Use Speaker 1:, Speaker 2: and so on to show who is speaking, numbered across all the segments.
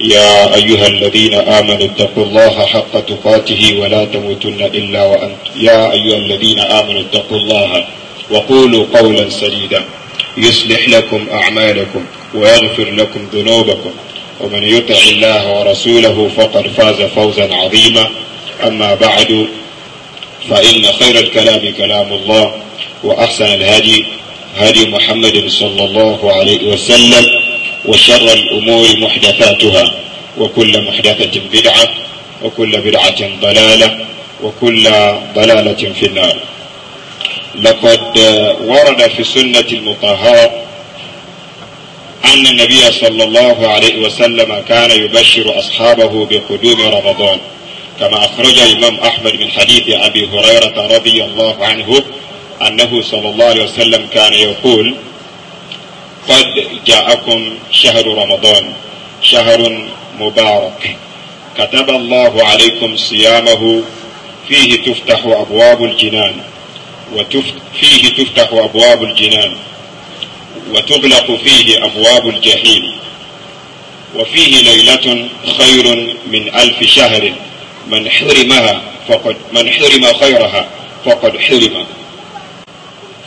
Speaker 1: يا أيها الذين آمنوا اتقوا الله حق تقاته ولا تموتن إلا وأنتم يا أيها الذين آمنوا اتقوا الله وقولوا قولا سديدا يصلح لكم أعمالكم ويغفر لكم ذنوبكم ومن يطع الله ورسوله فقد فاز فوزا عظيما أما بعد فإن خير الكلام كلام الله وأحسن الهدي هدي محمد صلى الله عليه وسلم وشر الأمور محدثاتها وكل محدثة بدعة وكل بدعة ضلالة وكل ضلالة في النار لقد ورد في السنة المطهرة أن النبي صلى الله عليه وسلم كان يبشر أصحابه بقدوم رمضان كما أخرج الإمام أحمد من حديث أبي هريرة رضي الله عنه أنه صلى الله عليه وسلم كان يقول قد جاءكم شهر رمضان شهر مبارك كتب الله عليكم صيامه فيه تفتح أبواب الجنان فيه تفتح أبواب الجنان وتغلق فيه أبواب الجحيم وفيه ليلة خير من ألف شهر من حرمها فقد من حرم خيرها فقد حرم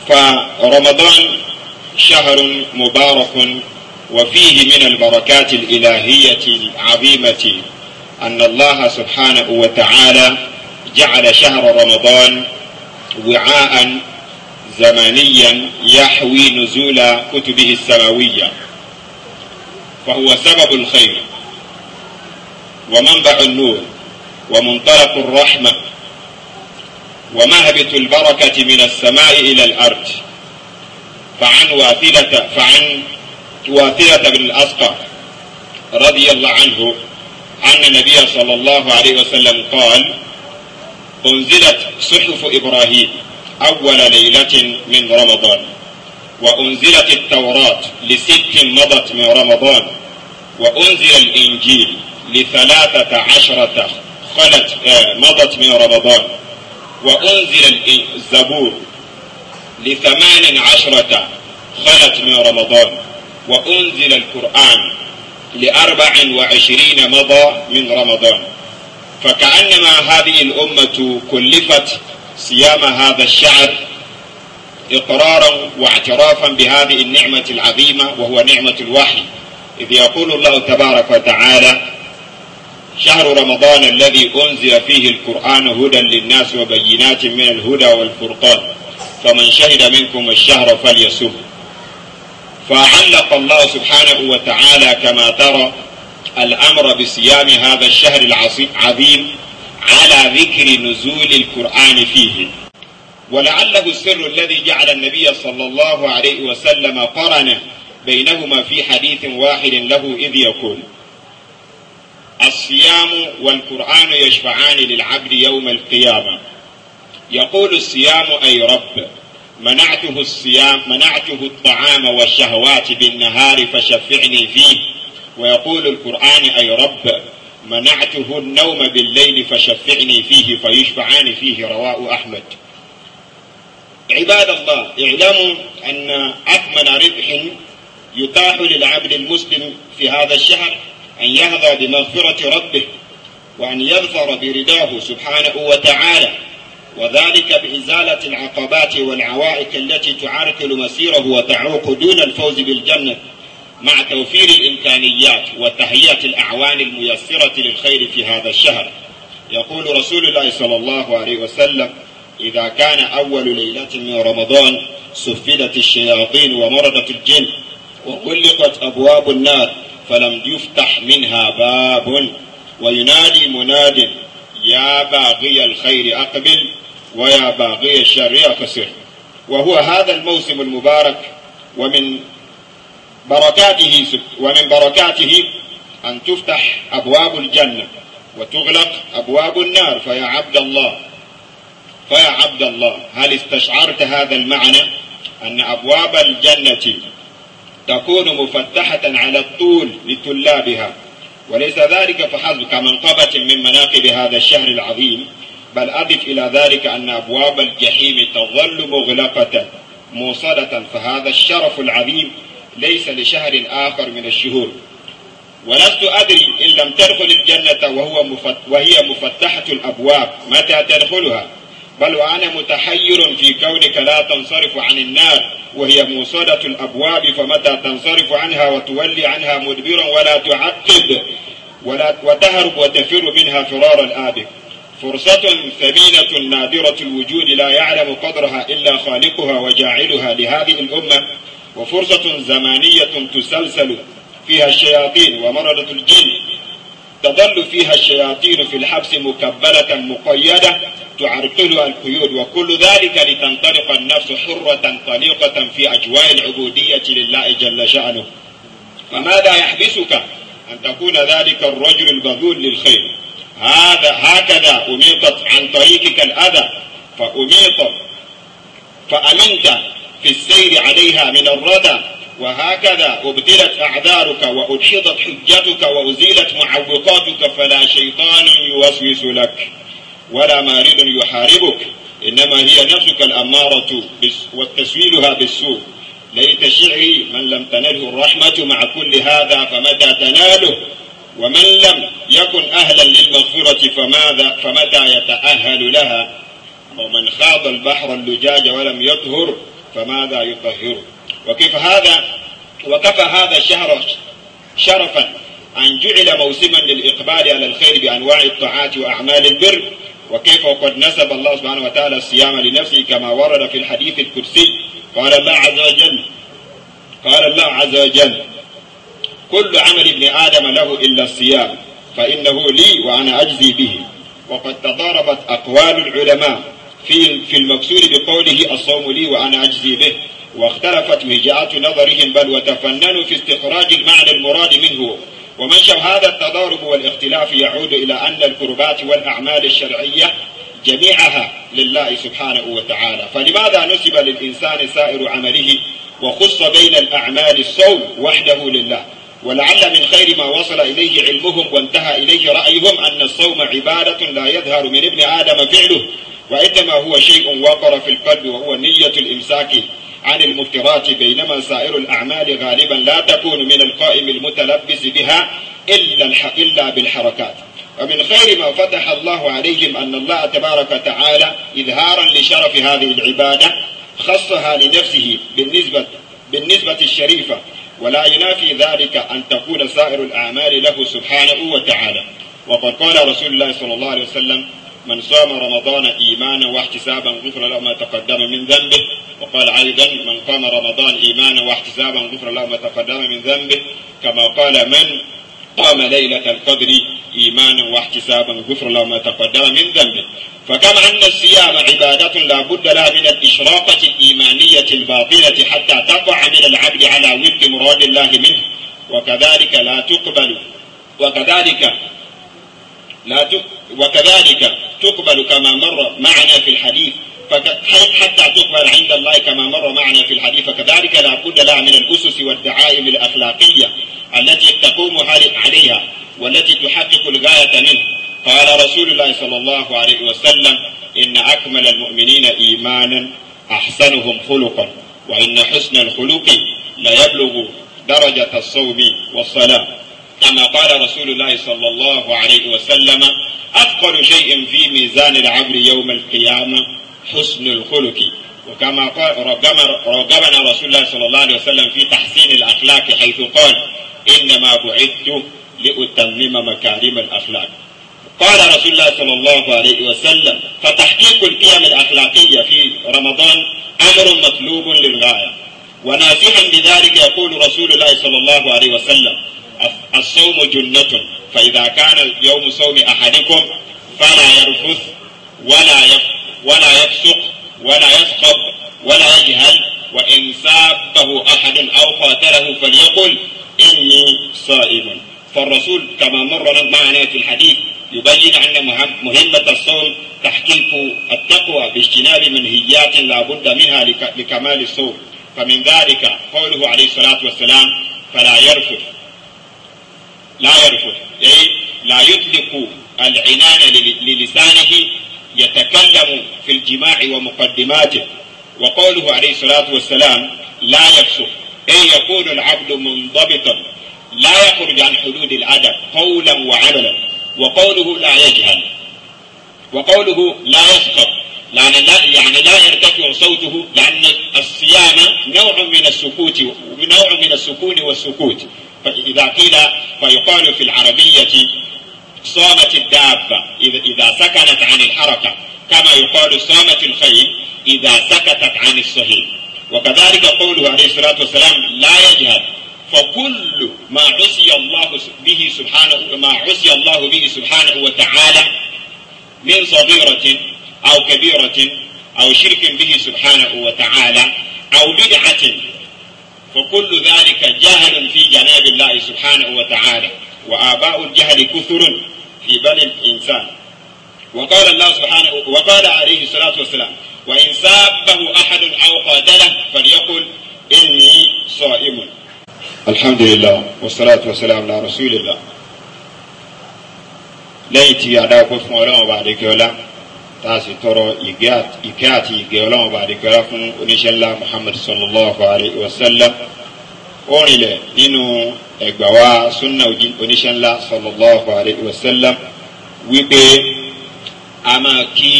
Speaker 1: فرمضان شهر مبارك وفيه من البركات الإلهية العظيمة أن الله سبحانه وتعالى جعل شهر رمضان وعاء زمانيا يحوي نزول كتبه السماوية فهو سبب الخير ومنبع النور ومنطلق الرحمة ومهبط البركة من السماء إلى الأرض فعن واثلة فعن واثلة بن الأسقى رضي الله عنه أن النبي صلى الله عليه وسلم قال أنزلت صحف إبراهيم أول ليلة من رمضان وأنزلت التوراة لست مضت من رمضان وأنزل الإنجيل لثلاثة عشرة خلت آه، مضت من رمضان وأنزل الزبور لثمان عشرة خلت من رمضان وأنزل القرآن لأربع وعشرين مضى من رمضان فكأنما هذه الأمة كلفت صيام هذا الشهر إقرارا واعترافا بهذه النعمة العظيمة وهو نعمة الوحي إذ يقول الله تبارك وتعالى شهر رمضان الذي أنزل فيه القرآن هدى للناس وبينات من الهدى والفرقان فمن شهد منكم الشهر فليسب فعلق الله سبحانه وتعالى كما ترى الأمر بصيام هذا الشهر العظيم على ذكر نزول القرآن فيه ولعله السر الذي جعل النبي صلى الله عليه وسلم قرن بينهما في حديث واحد له إذ يقول الصيام والقرآن يشفعان للعبد يوم القيامة يقول الصيام أي رب منعته الصيام منعته الطعام والشهوات بالنهار فشفعني فيه ويقول القرآن أي رب منعته النوم بالليل فشفعني فيه فيشفعان فيه رواه أحمد عباد الله اعلموا أن أثمن ربح يتاح للعبد المسلم في هذا الشهر أن يهضى بمغفرة ربه وأن يظفر برداه سبحانه وتعالى وذلك بإزالة العقبات والعوائق التي تعرقل مسيره وتعوق دون الفوز بالجنة مع توفير الإمكانيات وتهيئة الأعوان الميسرة للخير في هذا الشهر يقول رسول الله صلى الله عليه وسلم إذا كان أول ليلة من رمضان سفلت الشياطين ومرضت الجن وغلقت أبواب النار فلم يفتح منها باب وينادي مناد يا باغي الخير أقبل ويا باغي الشر أقصر وهو هذا الموسم المبارك ومن بركاته ومن بركاته أن تفتح أبواب الجنة وتغلق أبواب النار فيا عبد الله فيا عبد الله هل استشعرت هذا المعنى أن أبواب الجنة تكون مفتحة على الطول لطلابها وليس ذلك فحسب كمنقبة من مناقب هذا الشهر العظيم بل أضف إلى ذلك أن أبواب الجحيم تظل مغلقة موصلة فهذا الشرف العظيم ليس لشهر آخر من الشهور ولست أدري إن لم تدخل الجنة وهو مفت وهي مفتحة الأبواب متى تدخلها بل وأنا متحير في كونك لا تنصرف عن النار وهي موصدة الأبواب فمتى تنصرف عنها وتولي عنها مدبرا ولا تعقب ولا وتهرب وتفر منها فرار الآبق فرصة ثمينة نادرة الوجود لا يعلم قدرها إلا خالقها وجاعلها لهذه الأمة وفرصة زمانية تسلسل فيها الشياطين ومرضة الجن تظل فيها الشياطين في الحبس مكبلة مقيدة تعرقلها القيود وكل ذلك لتنطلق النفس حرة طليقة في أجواء العبودية لله جل شأنه فماذا يحبسك أن تكون ذلك الرجل البذول للخير هذا هكذا أميطت عن طريقك الأذى فأميط فألنت في السير عليها من الردى وهكذا أبدلت أعذارك وأدحضت حجتك وأزيلت معوقاتك فلا شيطان يوسوس لك ولا مارد يحاربك إنما هي نفسك الأمارة وتسويلها بالسوء ليت شعري من لم تنله الرحمة مع كل هذا فمتى تناله ومن لم يكن أهلا للمغفرة فماذا فمتى يتأهل لها ومن خاض البحر اللجاج ولم يطهر فماذا يطهره وكيف هذا وكفى هذا شهر شرفا أن جعل موسما للإقبال على الخير بأنواع الطاعات وأعمال البر وكيف وقد نسب الله سبحانه وتعالى الصيام لنفسه كما ورد في الحديث القدسي قال الله عز وجل قال الله عز وجل كل عمل ابن آدم له إلا الصيام فإنه لي وأنا أجزي به وقد تضاربت أقوال العلماء في في المكسور بقوله الصوم لي وأنا أجزي به واختلفت وجهات نظرهم بل وتفننوا في استخراج المعنى المراد منه ومنشأ هذا التضارب والاختلاف يعود إلى أن الكربات والأعمال الشرعية جميعها لله سبحانه وتعالى فلماذا نسب للإنسان سائر عمله وخص بين الأعمال الصوم وحده لله ولعل من خير ما وصل إليه علمهم وانتهى إليه رأيهم أن الصوم عبادة لا يظهر من ابن آدم فعله وإنما هو شيء وقر في القلب وهو نية الإمساك عن المفترات بينما سائر الأعمال غالبا لا تكون من القائم المتلبس بها إلا, إلا بالحركات ومن خير ما فتح الله عليهم أن الله تبارك وتعالى إظهارا لشرف هذه العبادة خصها لنفسه بالنسبة, بالنسبة الشريفة ولا ينافي ذلك أن تكون سائر الأعمال له سبحانه وتعالى وقد قال رسول الله صلى الله عليه وسلم من صام رمضان إيمانا واحتسابا غفر له ما تقدم من ذنبه وقال أيضا من قام رمضان إيمانا واحتسابا غفر له ما تقدم من ذنبه كما قال من قام ليلة القدر إيمانا واحتسابا غفر له ما تقدم من ذنبه فكما أن الصيام عبادة لا بد لها من الإشراقة الإيمانية الباطلة حتى تقع من العبد على ود مراد الله منه وكذلك لا تقبل وكذلك لا تك وكذلك تقبل كما مر معنا في الحديث حتى تقبل عند الله كما مر معنا في الحديث فكذلك لا بد لها من الأسس والدعائم الأخلاقية التي تقوم عليها والتي تحقق الغاية منه قال رسول الله صلى الله عليه وسلم إن أكمل المؤمنين إيمانا أحسنهم خلقا وإن حسن الخلق ليبلغ درجة الصوم والصلاة كما قال رسول الله صلى الله عليه وسلم أثقل شيء في ميزان العبد يوم القيامة حسن الخلق وكما قال رغبنا رسول الله صلى الله عليه وسلم في تحسين الأخلاق حيث قال إنما بعثت لأتمم مكارم الأخلاق قال رسول الله صلى الله عليه وسلم فتحقيق القيم الأخلاقية في رمضان أمر مطلوب للغاية وناسحا بذلك يقول رسول الله صلى الله عليه وسلم الصوم جنة فإذا كان يوم صوم أحدكم فلا يرفث ولا يف ولا يفسق ولا يسقط ولا يجهل وإن سابه أحد أو قاتله فليقل إني صائم فالرسول كما مر معنا في الحديث يبين أن مهمة الصوم تحقيق التقوى باجتناب منهيات لا بد منها لكمال الصوم فمن ذلك قوله عليه الصلاة والسلام فلا يرفث لا يرفض أي لا يطلق العنان للسانه يتكلم في الجماع ومقدماته وقوله عليه الصلاة والسلام لا يفسق أي يكون العبد منضبطا لا يخرج عن حدود الأدب قولا وعملا وقوله لا يجهل وقوله لا يسخط يعني لا يعني لا يرتفع صوته لأن الصيام نوع من السكوت نوع من السكون والسكوت فإذا قيل فيقال في العربية صامت الدابة إذا سكنت عن الحركة كما يقال صامت الخيل إذا سكتت عن الصهيل وكذلك قوله عليه الصلاة والسلام لا يجهد فكل ما عصي الله به سبحانه ما عصي الله به سبحانه وتعالى من صغيرة أو كبيرة أو شرك به سبحانه وتعالى أو بدعة فكل ذلك جهل في جناب الله سبحانه وتعالى وآباء الجهل كثر في بني الإنسان وقال الله سبحانه وقال عليه الصلاة والسلام وإن سابه أحد أو قاتله فليقل إني صائم الحمد لله والصلاة والسلام على رسول الله ليتي أداكم فمولانا بعدك ولا tá a sì tọrọ ìkẹ́ àti ìgẹ̀ ọlọ́run bá dìgbẹ́rẹ́ fún oníṣẹ́ ńlá muhammad sallallahu alayhi wa sallam orinlẹ̀ nínú ẹgbàwa sunna oníṣẹ́ ńlá sallallahu alayhi wa sallam wípé a máa kí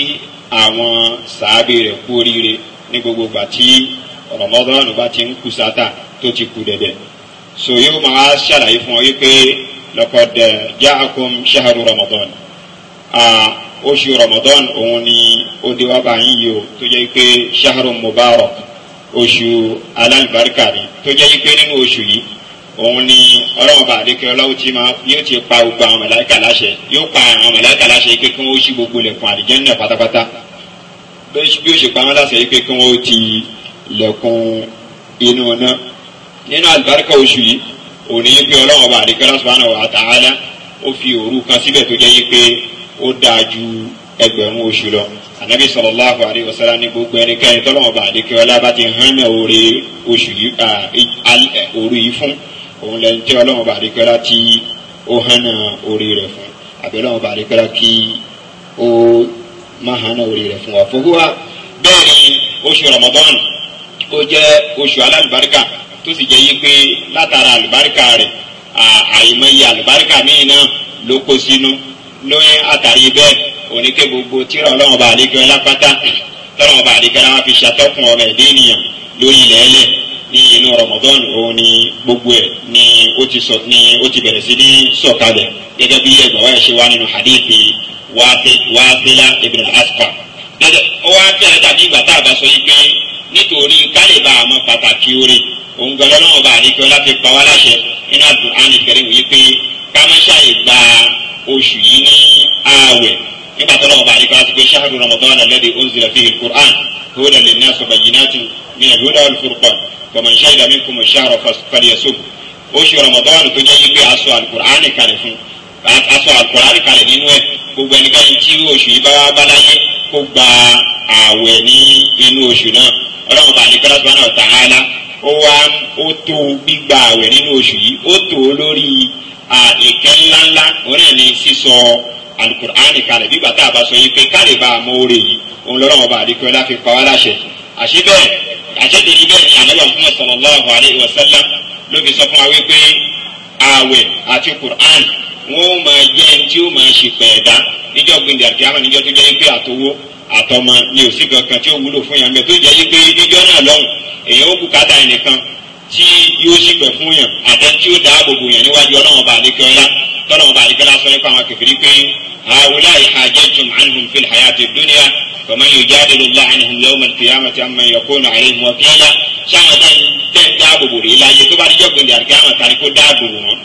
Speaker 1: àwọn sàábì rẹ̀ kú oríire ní gbogbo ìgbà tí rọmọdọ́nù bá ti ń kú sátà tó ti kú dẹ̀dẹ̀ so yóò máa ṣàlàyé fún ọ wípé laqad ja'akum shahru rọmọdọ́nù oṣù ramadan òun ni ó dé wá báyìí yìí o tó jẹ́ pé shahru mubarak oṣù alálùbáríkà ni tó jẹ́ pé nínú oṣù yìí òun ni ọlọ́run bá àdékẹ́ ọlọ́run ti máa yóò ti pa gbogbo àwọn mẹ̀láìkà láṣẹ yóò pa àwọn mẹ̀láìkà láṣẹ pé kí wọ́n ṣí gbogbo lẹ̀kùn àlìjẹ́nnà pátápátá bí ó ṣe pa wọ́n láṣẹ pé kí wọ́n ti lẹ̀kùn inú ọ̀nà nínú àlùbáríkà oṣù yìí òun ni yí pé ọlọ́run bá àdékẹ́ subhanahu wa ta'ala ó fi òru kan síbẹ̀ tó jẹ́ yí pé ó dáa ju ẹgbẹ̀rún oṣù lọ ànábì sallallahu alaihi wasallam ní gbogbo ẹnikẹ́ni tọ́lọ́mọ bá àdékè ọlá bá ti hàn ní òòrè oṣù yìí òòrè yìí fún òun lẹ́ni tí ọlọ́mọ bá àdékè ọlá ti ó hàn ní òòrè rẹ̀ fún àbẹ̀lẹ́ ọmọ bá àdékè ọlá kí ó má hàn ní òòrè rẹ̀ fún wa fún wa bẹ́ẹ̀ ni oṣù Ramadan ó jẹ́ oṣù alálùbáríkà tó sì jẹ́ yí pé látara àlùbáríkà rẹ̀ àìmọye àlùbáríkà míì náà ló kó sínú ló ń àtàrí bẹ́ẹ̀ oníke gbogbo tíra ọlọ́run bá àlejò ẹlápátá eh, lọ́rùn bá àlejò ẹlápátá fi ṣàtọ́kùn ọmọ ẹ̀dẹ́ ènìyàn lórí ilẹ̀ ẹlẹ̀ ní inú Ramadan òun ni gbogbo ẹ̀ ni ó ti sọ ni ó ti bẹ̀rẹ̀ sí ní sọ̀kalẹ̀ gẹ́gẹ́ bí ẹgbẹ̀ wáyà ṣe wá nínú hadithi wàásílá ibn aspa. ó wá tẹ̀ ẹ́ dàbí ìgbà tá a bá sọ yìí pé nítorí kálíbà àmọ́ pàtàkì orin òun gbọ́dọ̀ náà bá àlejò ẹlápátá pa wá láṣẹ nínú àdùn ánìkẹrẹ wòye pé ká gba oṣù yìí ní ààwẹ̀ nígbà tó lọ́wọ́ bàálí kan àsìkò ṣáàdù ramadan alladhi unzila fihi al-Qur'an hudan lin-nasi wa bayyinatin min al-huda wal-furqan faman shahida minkumu ash-shahra falyasum oṣù ramadan tó jẹ́ yípe aṣọ al-Qur'an kalẹ̀ fún aṣọ al-Qur'an kalẹ̀ nínú ẹ̀ gbogbo ẹnikẹ́ni tí oṣù yìí bá wá bá láyé kó gba ààwẹ̀ ní inú oṣù náà ọlọ́wọ́ bàálí kan ó wá ó tó gbígba àwẹ̀ nínú oṣù yìí ó tó lórí nǹkan ńláńlá òun náà ni sísọ alukur'ani kalẹ̀ bígbà tá a bá sọ yìí pé káre bá a mọ oore yìí òun lọ́rọ̀ wọn bá àdékọ́ láfi pa wá láṣẹ àṣẹ bẹ́ẹ̀ àṣẹ tó ní bẹ́ẹ̀ ni àlọ́wà Muhammad sallallahu alaihi wasallam ló fi sọ fún wa wípé àwẹ̀ àti kur'ani wọn ó máa jẹ ẹni tí ó máa ṣe pẹ̀ẹ́dá níjọ́ gbìndé àti àmọ́ níjọ́ tó jẹ́ yí pé àtowó àtọmọ ni ò sí kankan tí ó wúlò fún yàn bẹ́ẹ̀ tó jẹ́ yí pé níjọ́ náà lọ́hùn èèyàn ó bùkátà ẹnìkan tí yóò sì pẹ̀ fún yàn àtẹ tí ó dáàbò bò yàn níwájú ọlọ́run ọba àdékẹ́ọ́lá tọ́lọ́run ọba àdékẹ́ọ́lá sọ nípa àwọn kẹfìrí pé àwòlá ìhàjẹ́tum anhum fil hayati dunya faman yujadilu Allah anhum yawm al-qiyamati amman yakunu alayhim wakila sáwọn tẹ́ ń dáàbò bò rí láyé tó bá díjọ́ gbòǹdì àdékẹ́ àwọn tani kó dáàbò bò wọn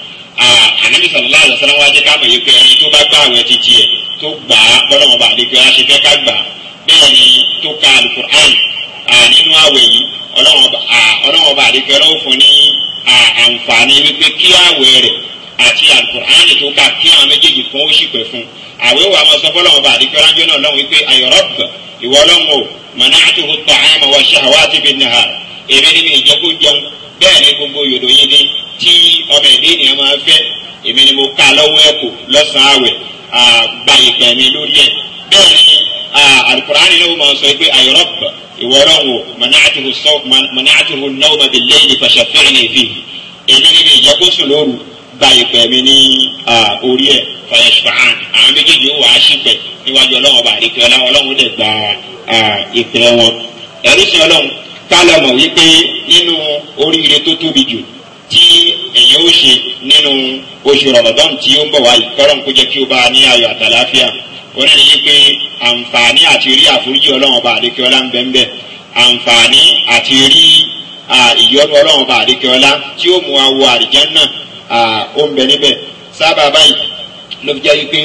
Speaker 1: ànábì sàlọ́lá àlọ́sálá wájú káàmù yìí pé ẹni tó bá gbà àwẹ̀ títí ẹ̀ tó gbà á bọ́dọ̀ wọn bá àdégbé á ṣe fẹ́ ká gbà bẹ́ẹ̀ ni tó ka alukur'an nínú àwẹ̀ yìí ọlọ́wọ́n bá àdégbé ọlọ́wọ́ fún ní àǹfààní wípé kí àwẹ̀ rẹ̀ àti alukur'an tó ka kí àwọn méjèèjì fún ó ṣìpẹ̀ fún àwẹ̀ wà máa sọ fọlọ́wọ́n bá àdégbé ránjọ́ náà lọ́wọ́ wípé ayọ̀rọ̀bà ìwọ ọlọ́wọ́ mọ̀nàtúhù tọ̀ àmọ̀ tí ọmọ ẹ̀dẹ́ ènìyàn máa fẹ́ èmi ni mo ká lọ́wọ́ ẹ̀kọ́ lọ́sàn-án àwẹ̀ gba ìpè mi lórí ẹ̀ bẹ́ẹ̀ ni alukur'ani ló máa sọ pé ayọ̀rọ̀p ìwọ́rọ̀ wò mọ̀nàtìrù náwó bí lẹ́yìn fàṣàfihàn èfi èmi ni mi ìjẹ́kóso lóru gba ìpè mi ní orí ẹ̀ fàyẹ̀sùfàán àwọn méjèèjì ó wà á ṣìpẹ̀ níwájú ọlọ́run ọba àdìpẹ́ ọlọ́run ọlọ́run dẹ̀ gba ìpè wọn ẹ̀rú sí ọlọ́run ká lọ mọ̀ wípé nínú oríire tó tóbi jù tí èyàn ó ṣe nínú oṣù Ramadan tí ó ń bọ̀ wáyé kọ́lọ́n kó jẹ́ kí ó bá a ní ayọ̀ àtàláfíà wọ́n ní yí pé àǹfààní àti rí àforíjì ọlọ́run ọba àdékẹ́ọ́lá ń bẹ́ńbẹ́ àǹfààní àti rí ìyọ́nú ọlọ́run ọba àdékẹ́ọ́lá tí ó mú wa wọ àlìjánnà ó ń bẹ níbẹ̀ sábà báyìí ló fi jẹ́ pé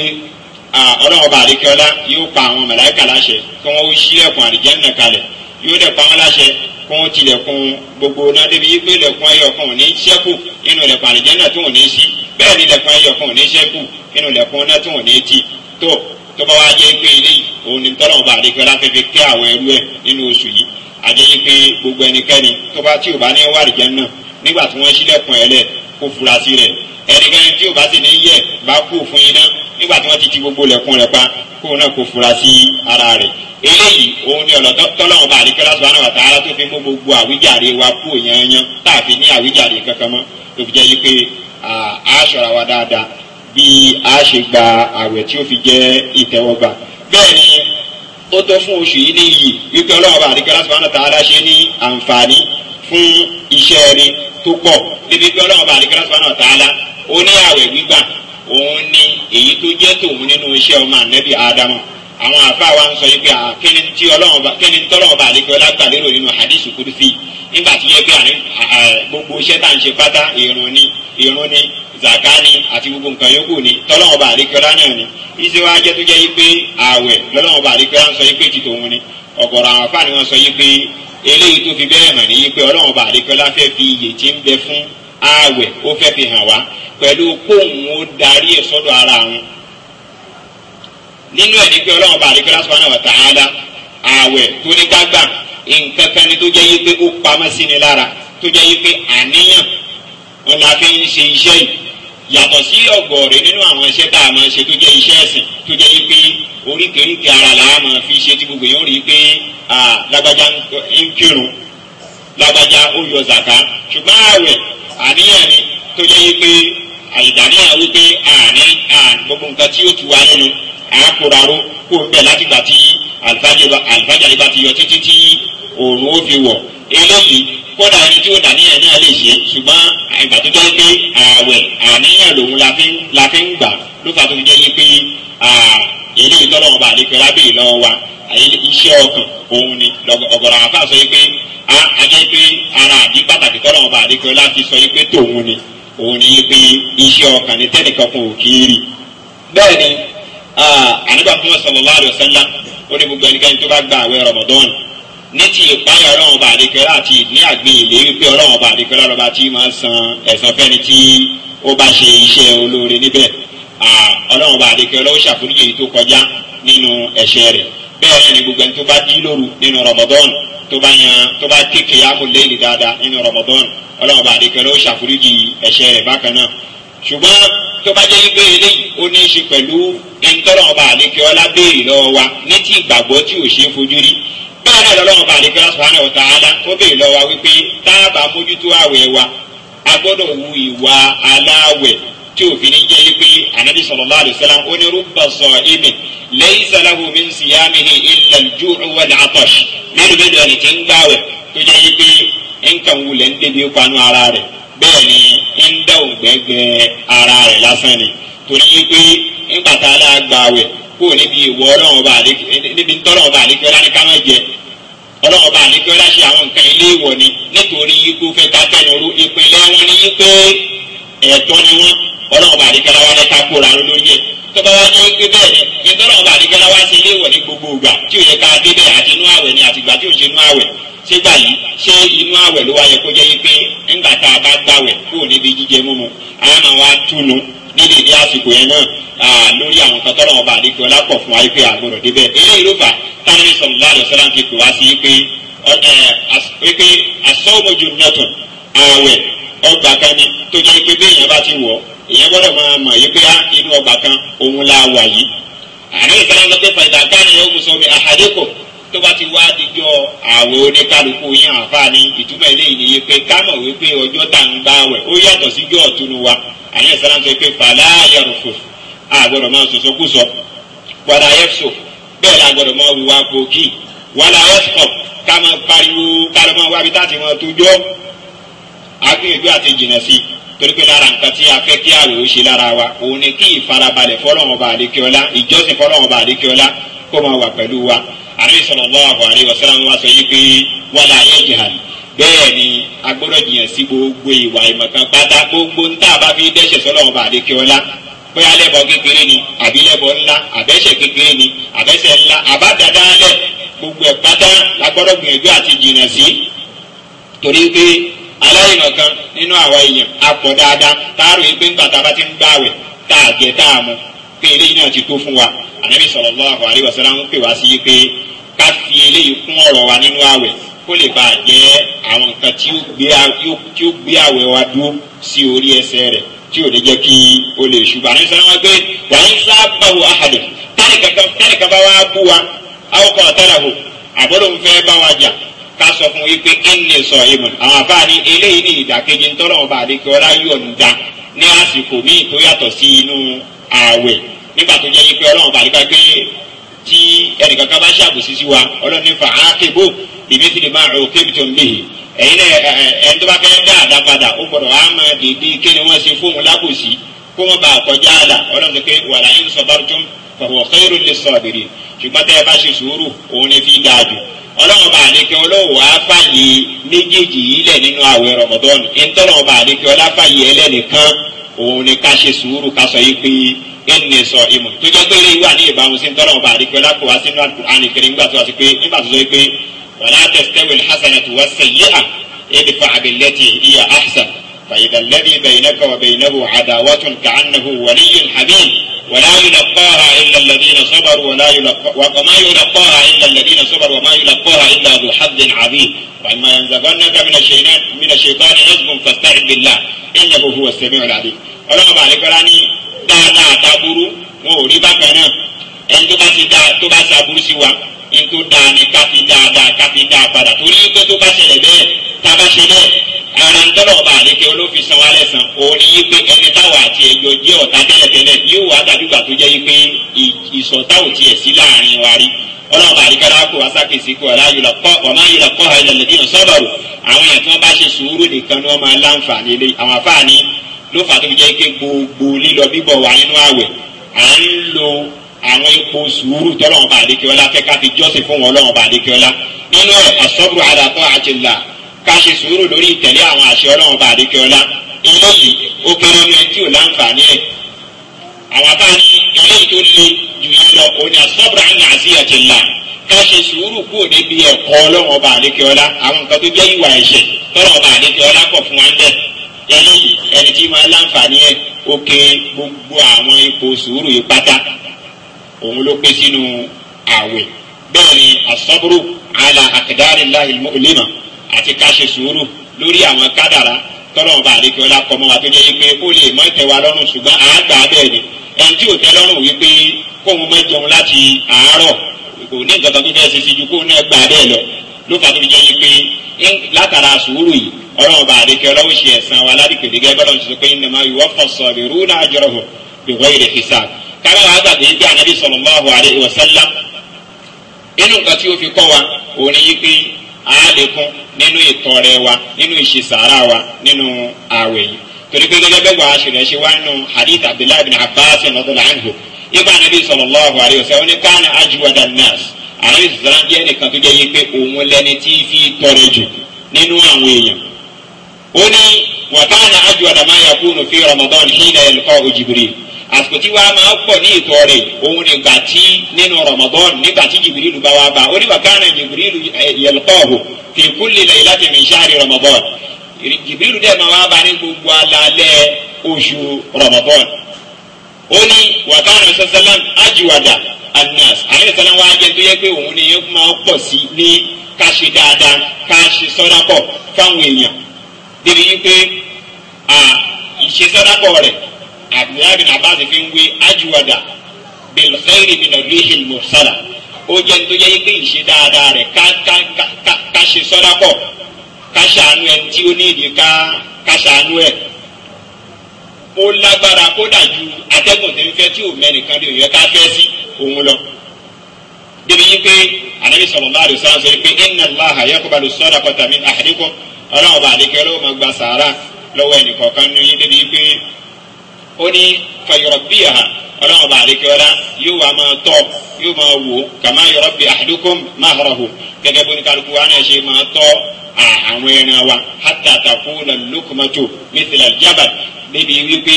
Speaker 1: ọlọ́run ọba àdékẹ́ọ́lá yóò pa àwọn màláíkà láṣẹ kí wọ́n ó ṣí ẹ̀kùn àlìjánnà kalẹ̀ yóò dẹ̀ pa wọ́n láṣẹ kó wọn tilẹ̀kùn gbogbo náà débi pé lẹ̀kùn ẹyọkan ò ní ṣẹ́kù nínú lẹ̀kùn àlìjẹ́ náà tó ò ní sí bẹ́ẹ̀ ni lẹ̀kùn ẹyọkan ò ní ṣẹ́kù nínú lẹ̀kùn náà tó ò ní ti tó tó bá wá jẹ́ pé ilé yìí òun ni tọ́lọ̀ bá àdékọ́ láfẹ́fẹ́ kẹ́ àwọn ẹrú ẹ̀ nínú oṣù yìí àjẹyí pé gbogbo ẹnikẹ́ni tó bá tí ò bá ní wà àlìjẹ́ náà nígbà tí wọ́n ṣílẹ̀kùn ẹ̀ lẹ̀ kó fura sí rẹ̀ ẹnikẹ́ni tí ò bá sì ní yẹ̀ bá kú òfin iná nígbà tí wọ́n ti ti gbogbo lẹ̀kùn rẹ̀ pa kó náà kó fura sí ara rẹ̀ eléyìí òun ni ọ̀nà tọ́lọ́run bá àdékọ́lá subhanahu wa ta'ala tó fi mú gbogbo àwíjàre wa kú yanyan tá a fi ní àwíjàre kankan mọ́ tó fi jẹ́ yí pé a wa dáadáa bí a ṣe gba àwẹ̀ tí ó fi jẹ́ ìtẹ́wọ́gbà bẹ́ẹ̀ ni ó tọ́ fún oṣù yìí ní iyì wípé ọlọ́run bá àdékọ́lá subhanahu wa ta'ala ṣe ní àǹfààní fún iṣẹ́ rẹ tó pọ̀ débi pé ọlọ́run bá àdìgbà sọ́nà ọ̀tàlá a ní àwẹ̀ gbígbà òun ni èyí tó jẹ́ tòun nínú iṣẹ́ ọmọ ànẹ́bí ádámù àwọn àfáà wa ń sọ yìí pé kíni tí ọlọ́run bá kíni tọ́lọ́run bá àdìgbà lágbà lérò nínú hadithu kudusi nígbà tí yẹ pé gbogbo iṣẹ́ tá à ń ṣe pátá ìrun ni ìrun ni zaka ni àti gbogbo nǹkan yòókù ni tọ́lọ́run bá àdìgbà lánàá ni ìṣe wa tó jẹ́ yìí pé àwẹ̀ lọ́lọ́run bá àdìgbà ń sọ yìí pé ti tòun ni ọ̀gọ̀rọ̀ àwọn afáàní wọn sọ yí pé eléyìí tó fi bẹ́ẹ̀ hàn níyí pé ọlọ́run bá àdékọ́lá fẹ́ fi iyè tí ń bẹ fún ààwẹ̀ ó fẹ́ fi hàn wá pẹ̀lú kóhùn ó darí ẹ̀ sọ́dọ̀ ara wọn. nínú ẹ̀ ní pé ọlọ́run bá àdékọ́lá subhanahu wa ta'ala ààwẹ̀ tó ní gbàgbà nǹkan kan ni tó jẹ́ yí pé ó pamọ́ sí ni lára tó jẹ́ yí pé àníyàn ọ̀nà àfi ń ṣe iṣẹ́ yìí yàtọ̀ sí ọ̀gọ̀ọ̀rẹ́ nínú àwọn iṣẹ́ tá a máa ṣe tó jẹ́ iṣẹ́ ẹ̀sìn tó jẹ́ yí pé oríkèéríkèé ara là á máa fi ṣe tí gbogbo yẹn ó rí i pé lágbájá ń kírun lágbájá ó yọ zàká ṣùgbọ́n ààwẹ̀ àníyàn ni tó jẹ́ yí pé àìdáníyàn wípé àní gbogbo nǹkan tí ó tu wa nínú àkóraró kó o bẹ̀ láti gbà tí àlùfáàjáde bá ti yọ títí tí òòrùn ó fi wọ̀ eléyìí kódà ẹni tí ó dà níyẹn náà lè ṣe ṣùgbọ́n ìgbà tó jẹ́ pé ààwẹ̀ àníyàn lòun la fi ń gbà ló fà tó fi jẹ́ yí pé eléyìí tọ́lọ́ ọba àdékẹ́ lábẹ́yìí lọ́wọ́ wa iṣẹ́ ọkàn òun ni ọ̀gọ̀rọ̀ àfa sọ yí pé ajẹ́ pé ara àdí pàtàkì tọ́lọ́ ọba àdékẹ́ láti sọ pé tòun ni òun ni yí pé iṣẹ́ ọkàn ni tẹ́nìkan kan ò kí ń rí bẹ́ẹ̀ ni Ah, ànábà fún sallallahu alaihi wasallam ó ní gbogbo ẹnikẹ́ni tó bá gba àwẹ̀ rọmọdọ́ọ̀nù ní ti ìpáyà ọlọ́run ọba àdékẹ́lá àti ní àgbìn ìlé wípé ọlọ́run ọba àdékẹ́lá lọ́ba tí máa san ẹ̀san fẹ́ni tí ó bá ṣe iṣẹ́ olóore níbẹ̀ ah, ọlọ́run ọba àdékẹ́lá ó ṣàforíjì èyí tó kọjá nínú ẹ̀ṣẹ̀ rẹ̀ bẹ́ẹ̀ náà ni gbogbo ẹni tó bá dí lóru nínú rọmọdọ́ọ̀nù tó bá yan tó bá kéèké yàgò léèlì dáadáa nínú rọmọdọ́ọ̀nù ọlọ́run ọba àdékẹ́lá ó ṣàforíjì ẹ̀ṣẹ̀ rẹ̀ bákan náà ṣùgbọ́n tó bá jẹ́ wípé eléyìí ó ní í ṣe pẹ̀lú ìtọ́lọ̀ ọba àlekè ọlá béèrè lọ́wọ́ wa ní ti ìgbàgbọ́ tí ò ṣe é fojú rí bẹ́ẹ̀ náà lọ́lọ́wọ́ ọba àlekè ọlá sọ̀rọ̀ ọ̀tá alá ó béèrè lọ́wọ́ wa wípé tá a bá mójútó àwẹ̀ wa a gbọ́dọ̀ wu ìwà aláwẹ̀ tí òfin jẹ́ wípé anabi sallallahu alaihi wasallam ó ní rubba sa'imin laysa jẹ́ wípé nǹkan wulẹ̀ ń débi panu ara rẹ̀ bẹ́ẹ̀ ni ń dá ògbẹ́gbẹ́ ara rẹ̀ lásán ni torí wípé nígbà tá a dá gba àwẹ̀ kó o níbi ìwọ ọlọ́run bá àlékè níbi ń tọ́lọ́run bá àlékè ọlá ní ká má jẹ ọlọ́run bá àlékè ọlá ṣe àwọn nǹkan ilé ìwọ̀ ni nítorí wípé fẹ́ ta ìpínlẹ̀ wọn ni wípé ẹ̀tọ́ ni wọ́n ọlọ́run bá àlékè ọlá wọn lẹ́ka kóra lóúnjẹ tọ́ba wa jẹ́ pé bẹ́ẹ̀ ni ìtọ́nà ọba àdìgẹ́lá wa ṣe léèwọ̀ ní gbogbo ìgbà tí ò yẹ ká dé bẹ́ẹ̀ àti inú àwẹ̀ ni àtìgbà tí ò ṣe inú àwẹ̀ ṣé gbà yìí ṣé inú àwẹ̀ ló wá yẹ kó jẹ́ yí pé ńgbà tá a bá gbàwẹ̀ o níbi jíjẹ mímu àmọ́ wa túnu níbi ìdí àsìkò yẹn náà lórí àwọn kan tọ́lọ́wọ́n bá àdìgbò lápọ̀ fún wa pé àgbọ̀rọ̀ débẹ̀ eléyìí ló fà tánàbí sọ̀rọ̀ láàrẹ̀ sọ́lá ti pè wá pé pé asọ́mọ̀jù nọ́tún ààwẹ̀ ọgbà bá ti ìyẹn gbọ́dọ̀ máa mọ̀ yí pé ah, inú ọgbà kan òun la wà yìí. àná ìtàn lọ pé fàyídà káàní yóò mú sọmi àhàdékò tó bá ti wá dijọ́ àwẹ̀ oníkálukú yín àǹfààní ìtumọ̀ eléyìí ni yí pé kámọ̀ wípé ọjọ́ tá ń gbá wẹ̀ ó yàtọ̀ sí jọ́ ọ̀tún wa àná ìsàlám sọ pé fàlà yàrùfò àgbọ̀dọ̀ máa sọ̀sọ́ kú sọ wàlà yẹ́fṣọ bẹ́ẹ̀ la gbọ́dọ̀ máa wù wá gbòógì wàlà yẹ́fṣọ ká máa pariwo ká lọ́ máa wá bí táti máa tó jọ́ agbóyègbé àti jìnnà sí torí pé lára nǹkan tí a fẹ́ kí àwẹ̀ ṣe lára wa òun ni kí ìfarabalẹ̀ fọlọ́run ọba àdékẹ́ọ́lá ìjọsìn fọlọ́run ọba àdékẹ́ọ́lá kó máa wà pẹ̀lú wa ànábì sallallahu alaihi wasallam wa sọ yí pé wala yajhal bẹ́ẹ̀ ni a gbọ́dọ̀ jìyàn sí gbogbo ìwà ìmọ̀kan pátá gbogbo ń tá a bá fi dẹ́ṣẹ̀ sọlọ́run ọba àdékẹ́ọ́lá bóyá lẹ́bọ̀ kékeré ni àbí lẹ́bọ̀ ńlá àbẹ́ṣẹ̀ kékeré ni àbẹ́ṣẹ̀ ńlá àbádàdálẹ̀ gbogbo ẹ̀ pátá la gbọ́dọ̀ gbìyànjú àti jìnnà sí torí pé aláìmọ̀kan nínú àwa èèyàn apọ̀ dáadáa táàrò yìí pé ń bàtà bá ti ń gbààwẹ̀ tá a jẹ tá a mu pé eléyìí náà ti tó fún wa ànábì sallallahu alaihi wasallam ń pè wá sí pé ká fi eléyìí kún ọ̀rọ̀ wa nínú àwẹ̀ kó lè bàa jẹ́ àwọn nǹkan tí ó gbé àwẹ̀ wa dúró sí orí ẹsẹ̀ rẹ̀ tí ò ní jẹ́ kí o lè ṣùgbọ́n àní sọ́nà wọn pé wàá ń sábà wọ àhàdùn ká sọ fún yín pé ẹnì sọ ìmọ̀ àwọn àbá ní eléyìí ní ìdàkejì ńtọ́lọ́wọ́n bá àdékè ọlá yọ̀ǹda ní àsìkò míì tó yàtọ̀ sí inú ààwẹ̀ nígbà tó jẹ́ pé ọlọ́run bá nípa pé tí ẹnìkan ká bá ṣàbòsí sí wa ọlọ́run ní fa àákébò ìmísí máa rò kébì tó ń bè ẹ̀yin náà ẹni tó bá fẹ́ dá àdá padà ó gbọ́dọ̀ á máa dèédé kí ni wọ́n ṣe fóun lábòsí kó bá àkọjá àlà ọlọ́run ní pé wàrà yín sọ bá fọwọ́ kẹ́rù lè sọ àbèrè ṣùgbọ́n tẹ́ ẹ bá ṣe sùúrù òun ni fi dáa jù ọlọ́run bá àlékè ọlọ́wọ́ á fàyè méjèèjì yìí lẹ̀ nínú àwẹ̀ rọ̀mọ̀dọ́nù ìtọ́lọ́run bá àlékè ọlá fàyè ẹlẹ́nìkan òun ni ká ṣe sùúrù ká sọ yìí pé ẹnì sọ ìmọ̀ tó jẹ́ pé eré wà ní ìbámu sí ìtọ́lọ́run bá àlékè ọlá kò wá sínú àlùkùránì kiri nígbà tó wá sí pé nígbà tó sọ pé wàlá tẹ̀sítẹ́wìl hasanatu wá sẹ́yìí à فإذا الذي بينك وبينه عداوة كأنه ولي حميم ولا يلقاها إلا الذين صبروا ولا يلقى وما يلقاها إلا الذين صبروا وما يلقاها إلا ذو حظ عظيم وإما ينزغنك من الشيطان من الشيطان نزغ فاستعذ بالله إنه هو السميع العليم ọlọ́run bá àlekọ́ lá ní dáadáa taburú wọn ò rí bákan náà ẹni tó bá ti dáa tó bá saburú sí wa ẹni tó dáa دا daadaa taburu won o ri bakan naa eni to ba ti daa to ba دا si wa eni to daa ni ka fi dáadáa ká ara ń tọ́lọ̀ bá àlejò olófin san wálẹ̀ san òun ni yí pé ẹni táwọn àti ẹ̀yọ jẹ́ ọ̀tá tẹ́lẹ̀tẹ́lẹ̀ yóò wá dàdúgbà tó jẹ́ yí pé ìsọ̀tá ò tiẹ̀ sí láàrin wa rí ọlọ́run bá àdìgbàdà kó asákèsí kó ọ̀la yìí lọ́kọ́ ọ̀ma yìí lọ́kọ́ ilẹ̀ lẹ́dínà sọ́bàrù àwọn èèyàn tí wọ́n bá ṣe sùúrù nìkan ni wọ́n máa láǹfààní lé àwọn àfààní ló fà tó fi jẹ́ sùúrù tọ́lọ́run bá àdìgbàdà fẹ́ jọ́sìn fún wọn ọlọ́run bá nínú ẹ̀ àṣọ́bùrù àdàtọ̀ àti là ká ṣe sùúrù lórí ìtẹ̀lé àwọn àṣẹ ọlọ́run bá adékẹ́ọ́lá eléyìí ó kéré ní ẹtí ò láǹfààní ẹ̀. àwọn bá ní eléyìí tó le jù yẹn lọ òní àsọ́bùrà ń nà sí ẹ̀jẹ̀ là ká ṣe sùúrù kúrò níbi ẹ̀kọ́ ọlọ́run ọba adékẹ́ọ́lá àwọn nǹkan tó jẹ́ ìwà ẹ̀ṣẹ̀ tọ́lọ́ ọba adékẹ́ọ́lá kọ̀ fún wa ń bẹ̀ àti ká ṣe sùúrù lórí àwọn kádàrá tọ́lọ́run bá àdékè ọlá kọ́ mọ́ wa tó jẹ́ wípé ó lè mọ́ tẹ̀wá lọ́rùn ṣùgbọ́n àágbà bẹ́ẹ̀ ni ẹni tí ò tẹ́ lọ́rùn wípé kóun mọ́ jẹun láti àárọ̀ kò ní nǹkan kan tó fẹ́ ṣe sí ju kóun náà gbà bẹ́ẹ̀ lọ ló fà tó fi jẹ́ wípé látara sùúrù yìí ọlọ́run bá àdékè ọlọ́run ṣe ẹ̀san wa ládìkèdè gẹ́gẹ́ bọ́lọ́run á lékún nínú ìtọrẹ wa nínú ìṣesàárà wa nínú ààwẹ̀ yìí torí pé gẹ́gẹ́ bẹ́ẹ̀ wàá ṣẹlẹ̀ ṣe wá nínú hadith abdullahi bin abbas ọ̀nàdọ́là anhu ibà nàbí sallallahu alaihi wasallam ní kánà ajwada nas àrùn ìsìlára jẹ́ nìkan tó jẹ́ yí pé òun lẹni tí fi tọrẹ jù nínú àwọn èèyàn ó ní wàtánà ajwada máa yakunu fi ramadan hina yalqahu jibril àsìkò tí wàá máa pọ̀ ní ìtọ́ rẹ̀ òun nígbà tí nínú rọmọdọ́n nígbà tí jìbìrìlù bá wá bá ó ní wàkánà jìbìrìlù yẹlẹkọ́ọ̀hù fi kúlì lẹ́yìn láti mi ṣáàrì rọmọdọ́n jìbìrìlù dẹ̀ máa wá bá ní gbogbo alalẹ́ oṣù rọmọdọ́n ó ní wàkánà sọsẹlẹm ajiwada anas àyẹ̀lẹ̀ wa jẹ́ tó yẹ pé òun ni yóò máa pọ̀ sí ní ká dáadáa ká ṣe fáwọn èèyàn débi wípé ìṣe sọ́dápọ̀ rẹ̀ abdullahi bin abbas fi ń wé ajuwada bilkhairi bin rihil mursala ó jẹ́ tó jẹ́ pé ìṣe dáadáa rẹ̀ ká ká ká ká ṣe sọ́dá pọ̀ ká ṣàánú ẹ tí ó ní ká ká ṣàánú ẹ ó lágbára kódà ju atẹ́gùn tó ń fẹ́ tí ò mẹ́nìkan lè yẹ ká fẹ́ sí òun lọ débi yín pé anabi sallallahu alaihi wasallam sọ pé inna Allaha yaqbalu sadaqata min ahadikum ọlọ́run bá àdékẹ́ lọ́wọ́ máa gba sàárà lọ́wọ́ ẹnìkọ̀ọ̀kan nínú yín débi yín pé ó ní fayọrọbíyàhà ọlọ́run ọba àdékẹ́ọ́lá yóò wá máa tọ́ yóò máa wò kàmá yọrọbí àdókòm máa rọ̀ hù gẹ́gẹ́ bó ní kálukú wa náà ṣe máa tọ́ àwọn ẹran wa hátà takuna lukumatu mithila jabal níbi wípé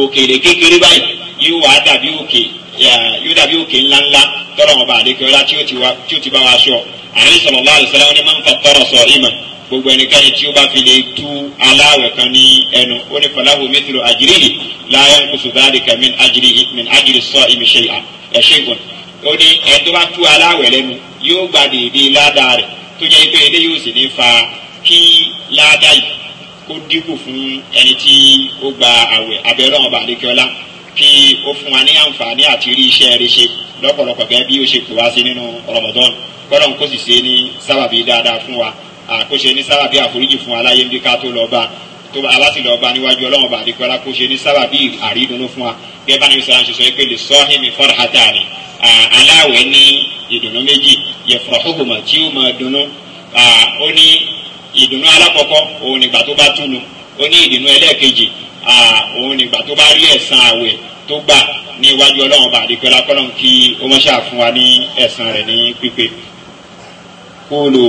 Speaker 1: òkèèrè kékeré báyìí yóò wá dàbí òkè yóò dàbí òkè ńláńlá tọ́lọ́run ọba àdékẹ́ọ́lá tí ó ti bá wa sọ àrísọ̀rọ̀ láàrín sọ́lá ó ní máa ń fa tọ́rọ̀ sọ ìmọ̀ gbogbo ẹnikẹ́ni tí ó bá fi lè tú aláwẹ̀ kan ní ẹnu ó ní falahu mithlu ajrihi la yanqusu dhalika min ajrihi min ajri as-sa'imi shay'an ẹ̀ṣẹ̀ ìgbọ̀n ó ní ẹni tó bá tú aláwẹ̀ lẹ́nu yóò gba dèédé ládàá rẹ̀ tó jẹ́ pé ilé yóò sì ní fa kí ládàá yìí kó dínkù fún ẹni tí ó gba àwẹ̀ abẹ́rẹ́ ọba àdékẹ́ọ́lá kí ó fún wa ní àǹfààní àti rí iṣẹ́ rẹ̀ ṣe lọ́pọ̀lọpọ̀ gẹ́gẹ́ bí ó ṣe pè wá sí nínú Ramadan kọ́lọ́n kó sì ṣe ní sábàbí dáadáa fún wa àkóṣe ah, ní sábàbí àforíjì fún aláyé ń bí ká tó lọ bá tó bá sì lọ bá níwájú ọlọ́run bá àdìgbò alákóṣe ní sábàbí àrídùnnú fún wa gẹ́gẹ́ bá ní sọ pé lè sọ hìmí fọ́nrahàtà ni aláwẹ̀ ní ìdùnnú méjì yẹ̀fọ̀rọ̀hùnmọ̀ tí ó máa dunnú ó ní ìdùnnú alákọ̀ọ́kọ́ òun nígbà tó bá túnu ó ní ìdùnnú ẹlẹ́ẹ̀kejì òun nígbà tó bá rí ẹ̀san àwẹ̀ tó gbà ní iwájú ọlọ́run bá àdìgbò alákọ́lọ́run kí ó mọ́ṣáà fún wa ní ẹ̀san rẹ̀ ní pípé. kúlù